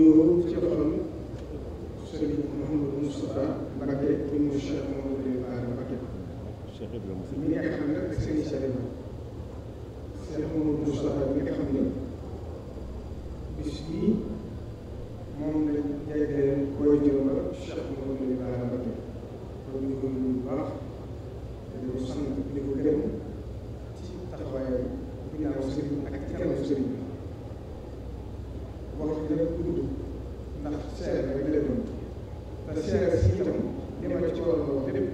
nuyoo ci xolam Serigne Mouhamadou Moustapha Mbacké ibnu Cheikh Mouhamadou Bara Mbacké mi nga xam ne ak Serigne Cheikh Cheikh Mouhamadou Moustapha mi nga xam ne bis bii gën a gudd ndax seer rek la doon te seer si itam li ma ci war a wax lépp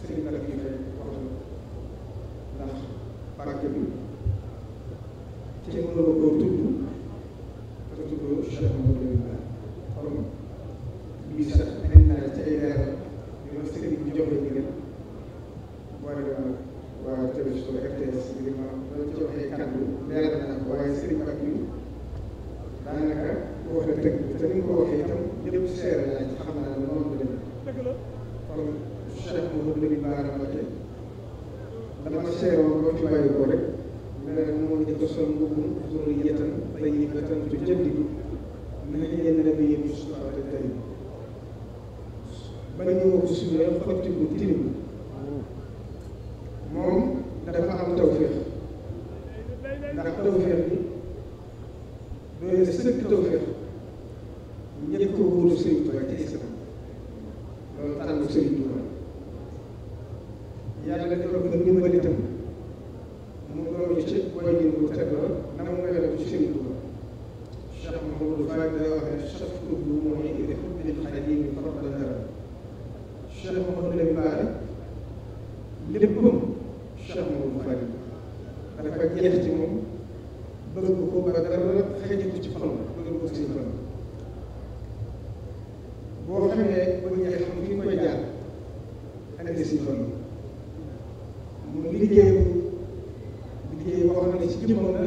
sëñ bi nag ñu fay wax ndax barke bi ci mënoo ko tudd te tudd Cheikh Mouhamadou Ba kon lii sax dañ naa ci ay leeral li ma sëñ bi joxe ñu gën boole waa waa télévision RTS li ma la joxee kàddu leeral naa ko waaye sëñ bi ak daanaka boo ko tëgg te ni nga ko waxee itam ñëpp seere naa ci xam naa ne noonu la demee kon Cheikh Mouhamadou Lamine Bara Mbacké dama seere woon ba fi bàyyi ko rek nga ne moo njëkk a sol mbubbum zoro yëtan dañuy yëtan tu jëndi nañ yenn na bi yëpp Mustafa te tey ba ñu wax suñu xotti bu tilim sëkk tawfeex ñëpp ko wóolu Serigne Touba ci islam loolu tànn Serigne Touba yàlla defal ko ndimbal itam mu loolu ci way ñu bu teg la na mu mel ci Serigne Touba Cheikh Mahamadou Fall day wax ne chaftu bu mooy indi xubbil xadim yi fadla dara Cheikh Mahamadou Lamine Bara léppam Cheikh Mahamadou Fall dafa jeex ci moom bëggal ko koo dara dara xëy ko ci xolam bëggal ko ci xolam boo xamee ba ñëwee xam fi koy jaar andi si xolam mu liggéey liggéey boo xam ne ci jëmmam la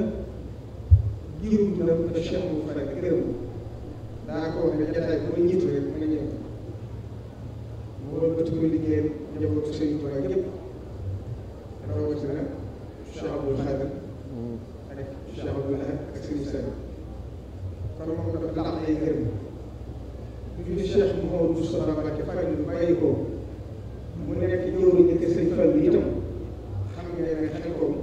jiwu bi nag da Cheikh bu Fara gërëm daa ko wax ne jataay bu ma jiitu rek mën a ñëw mu doon bëtt ko liggéeyam njabootu Sëriñ Tuubaa yëpp rawatina Cheikh Abdoul Khadr Cheikh Abdoul Ahad ak sëriñ Saliou kon moom dafa dàq ay ngërëm bi fi Cheikh Mouhamadou Moustapha Mbacké fan yu bàyyi ko mu nekk ñëw nañu te sëriñ Fallou itam xam nga ne xel koom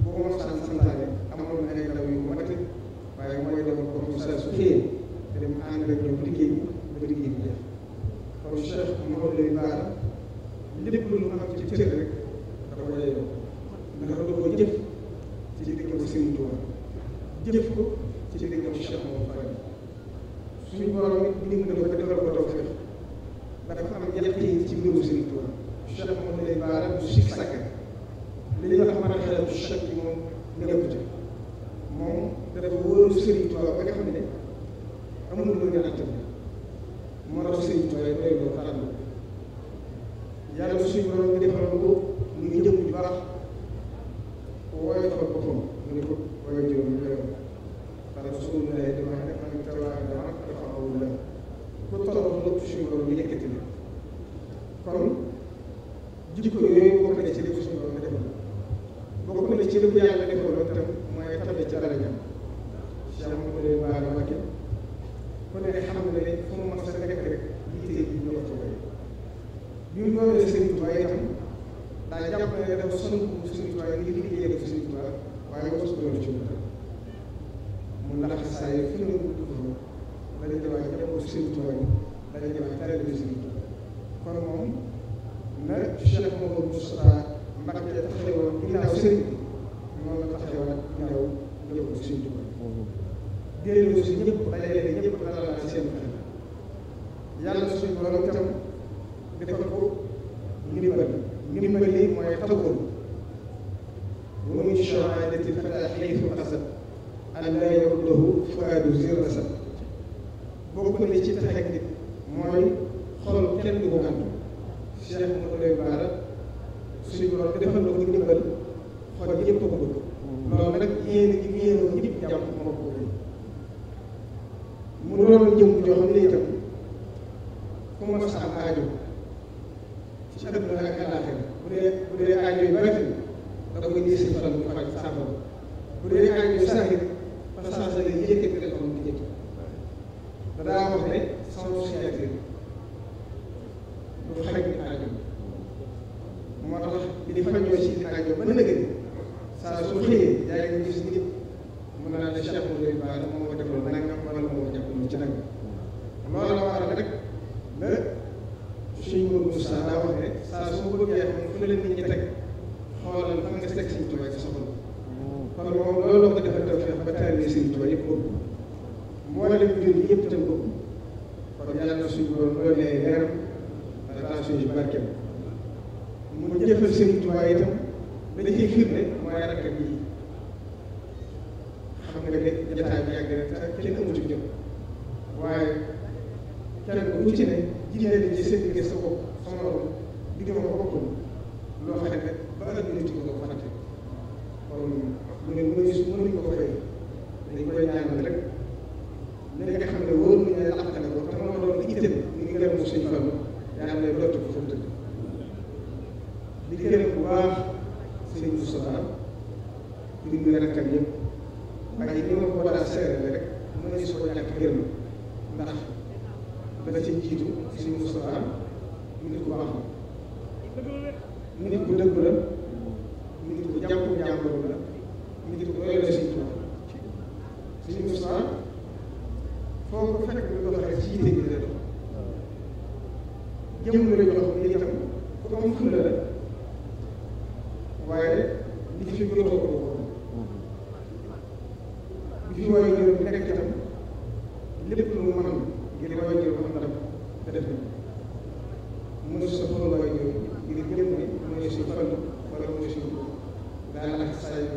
bu ko mos a santaane amoon na ay ndaw yu mat waaye mooy demoon ko mu saa su xëyee dem ànd ak ñoom liggéey ba liggéey bi jeex kon Cheikh Mouhamadou lay baara lépp lu mu am ci cër rek da ko yeyoo ndax da koo jëf ko Serigne Touba jëf ko ci diggam ci Cheikh Mamadou Fadi suñu borom it dimbali ko defal ko tawfeex dafa am ñett yi ci mbirum Serigne Touba Cheikh Mamadou lay baara bu sikk sàkk li ñu wax mën a xelal bu chèque bi moom nekku ci moom dafa wóolu Serigne Touba ba nga xam ne amul lu nga àttan moo tax Serigne Touba yi doy loo xalaat yàlla suñu borom nga defal ko muy jëm bu baax jàppale Serigne Touba itam daa jàppale ne dafa sonn bu Serigne Touba ngir liggéeyal ko Serigne Touba waaye mosu ko yor ci moom mu lax saa yi fu ñu doon dañu jëwaat jàppale Serigne Touba dañu jëwaat taalibe Serigne Touba kon moom na Cheikh Mamadou Moustapha Mbacké taxawoon ginnaaw Serigne bi noonu la taxawaat ginnaaw jëpp Serigne Touba delloo si ñëpp dajale ñëpp dalal seen xel yàlla suñu borom itam defal ko ndimbal li mooy tawul wa min shahaadati fataa xaytu asad an laa yaruddahu fuaadu zir asad bokk na ci taxek nit mooy xol kenn du ko gàntu Cheikh Mouhamadou Lay Baara suñu borom defal na ko ndimbal xol yëpp a ko bëgg loolu nag yéen gi yéenoo ñëpp jàmm moo ko bëgg mu doon jëm joo xam ne itam ku ma sa am aajo ci àdduna ak àllaaxira bu dee bu dee aajo yu bëri da koy indi si fan bu faj saafara bu dee aajo yu saxit léegi jotaay bi yàgg na te kenn amul ci jëm waaye kenn ku ci ne jigéen ñi ci seen liggéey sa bopp sa morom liggéey ma ko bokkul loo fexe ne ba ëllëg ñu ci ko fàtte kon mu ne mënuñu mënuñu ko fay dañ koy ñaanal rek li nga xam ne wóor nañu ne làq na ko te moo doon li itam ñu ngi gërëm suñu fan yaa ngi lay dott ko fa mu tëdd di gërëm bu baax sëñ Moustapha di gërëm rakkam yëpp ndax li ma ko daan seeral rek mën nañu soo ñàkk gërëm ndax dana ci jiitu suñu Moustapha mu nit ko baax la nit ko dëgg la nit ko jàpp jàmbur la nit ko doy la suñu Tuubaa suñu Moustapha foo ko fekk lu doxee ci yite bi la dox jëm la jox ni itam ku am fulla la waaye li fi gënoo ko li fi waay jël nekk ci tam lépp lu mu mën ngir waay jël wax na te def mu ne sa borom waay jël ngir jëm ne mu ne si fan wala mu ne si daanaka saa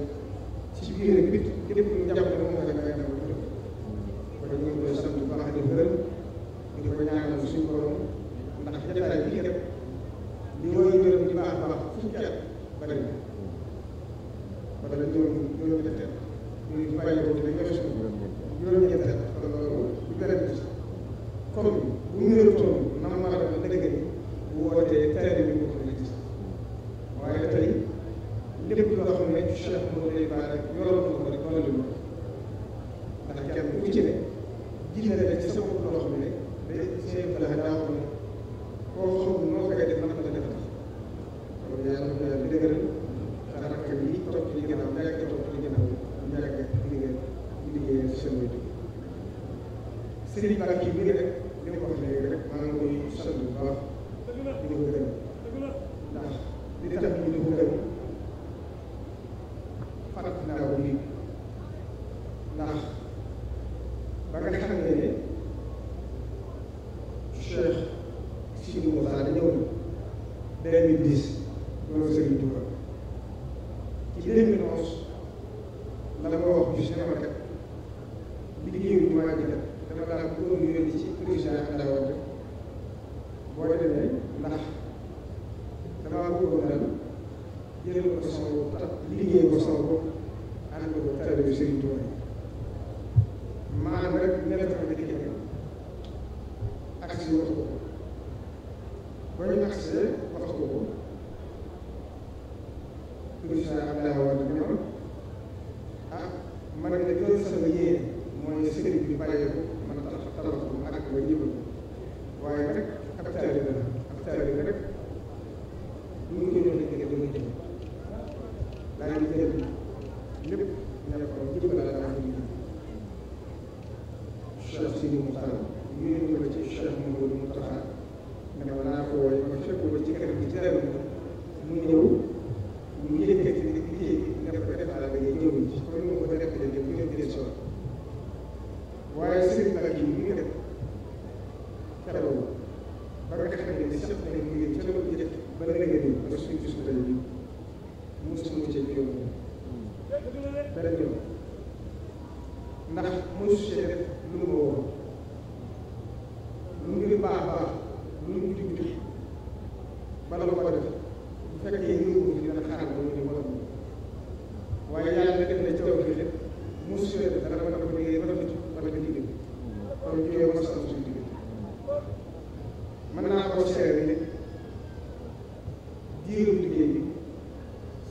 bàyyi ko dinañ ko Cheikh Sidi Moussa dañoo ñëw 2010 loolu Serigne Touba ci 2011 agsi wax ko ko ba ñu agsee ko ko président Abdoulaye Wade ne ma ah man de gën sama yéene mooy sëriñ bi bàyyee ko man tax tabax ko mu àgg ko waaye nag ab taalibe la ab taalibe rek lu mu jëloon a jëge dama jël daa ngi jël lépp ne ko jëbal laa daa yónni ko ci Cheikh Mouhamadou Moustapha ne ma naa ko wooye ma fekk ko ci kër gi ci dara mu ñëw mu yëkkati liggéey ne ko defal da ngay jëwuñ ci kon mu ko defee ne bu ñu dee sol waaye sëriñ nag yi mu ngi def teewul ba nga xam ne sax nañ liggéey ca loolu jëf ba la nga nii ba suñu gisu tey bi mosuma ci ñëw dara ñëw ndax mosu ci def lu ma woon mu ngi baax a baax mu ngi digg bala ko def bu fekkee yéen a ngi leen xaaral ba ñu war waaye yàlla def na caw bi lépp mu suy dara ba ko liggéey ba doon wala ba liggéey kon ñu yow ma sant suñu liggéey mën naa koo seere ne diirum liggéey bi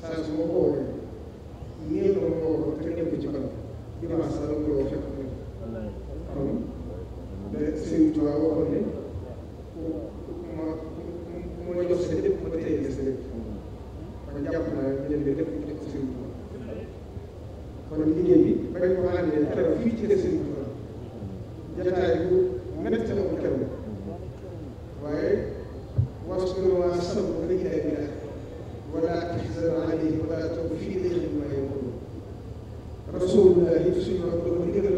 saa su ma ko woowee néew ma ko woo te nekk ci kanam dimanche sax la ko woo fekk Sëriñ Tuubaa waxoon ne ma ma ma jox sa lépp ma téye la sa lépp ma jàpp naa jël lépp def ko Sëriñ Tuubaa kon liggéey bi bañ ko àndee keroog fii ci kër Sëriñ Tuubaa jataay bu métti la ko keroog waaye wax su ma waa fii lay xëy ma yow Rasulullah suñu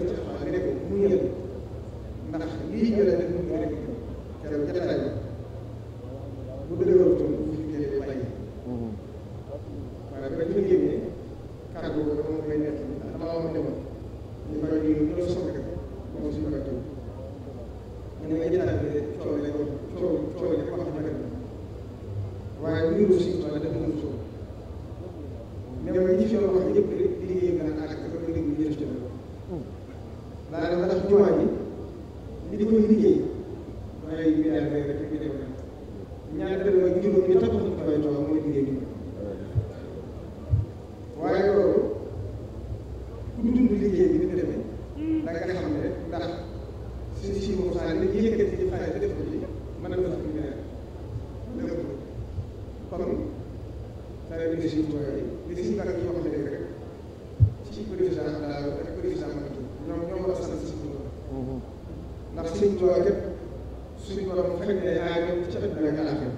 kon dara ñu ngi si tuwaay li si dara ñu wax léegi rek ci président daal ak président Macky ñoom ñoo war a sant si tuwaay ndax seen tuwaay yëpp suñu borom xëy na yaa ngi ci àdduna ak àllaaxira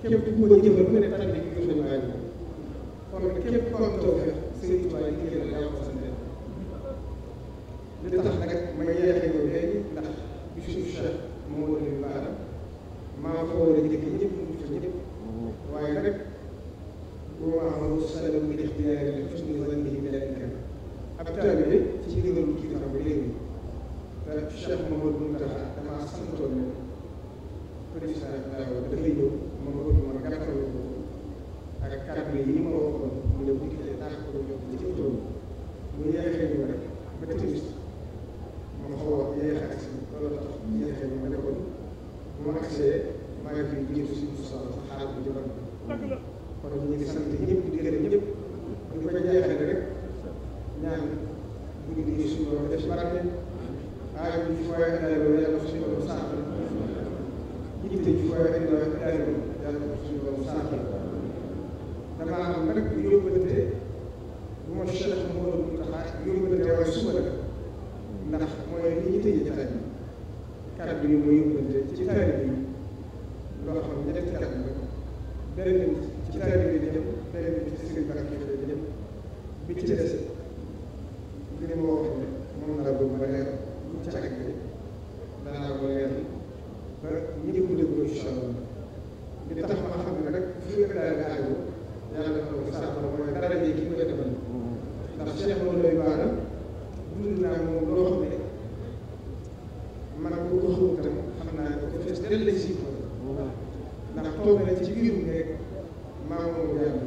képp ku ko jëfal ku ne tànn gi gën a bàyyi ko kon képp ku am tawfeex seen tuwaay yi ngeen yaa ko sant li tax nag ma yeexee ko léegi ndax Youssouf Cheikh moo doon baax maa ko war a jëkk ñëpp المسلمين ويعرف ومعه السلام بالاختيار لحسن ظنه بذلك التابع في نظام الكتاب العلمي الشيخ محمود منتهى كما سنتون بريسا دافيدو xarit yi bu ñëw suñu soxla xaaral bu jëloon kon ñu ngi sant ñëpp di gërëm ñëpp di ko jeexale rek ñaan bu ñu di suñu borom def barke aay bi ñu fooy indaloo yàlla suñu borom sànq yitte ñu fooy indaloo yàlla suñu borom sànq damaa am nag yóbbante bu ma Cheikh Mawal mu taxaar yóbbante waaye suba la ndax mooy li ñu tëjee jotaay bi kàddu yi mooy yóbbante ci taal bi loo xam ne ñetti at la benn ci taalibe bi jëm benn ci sëriñ Mbacke bi jëm bi ci des li moo wax ne moom laa bëgg ba leer lu ca ak bi danaa ko leer ba ñëpp déglu incha allah li tax ma xam ne rek fu ñu daal di aajo yàlla dafa ko saafara mooy dara ji ki koy defal ndax Cheikh moom lay baara dund naa moom loo xam ne man bu ko xamul tam xam naa ko fees dell si ndax toog na ci biir mu nekk maamu yàlla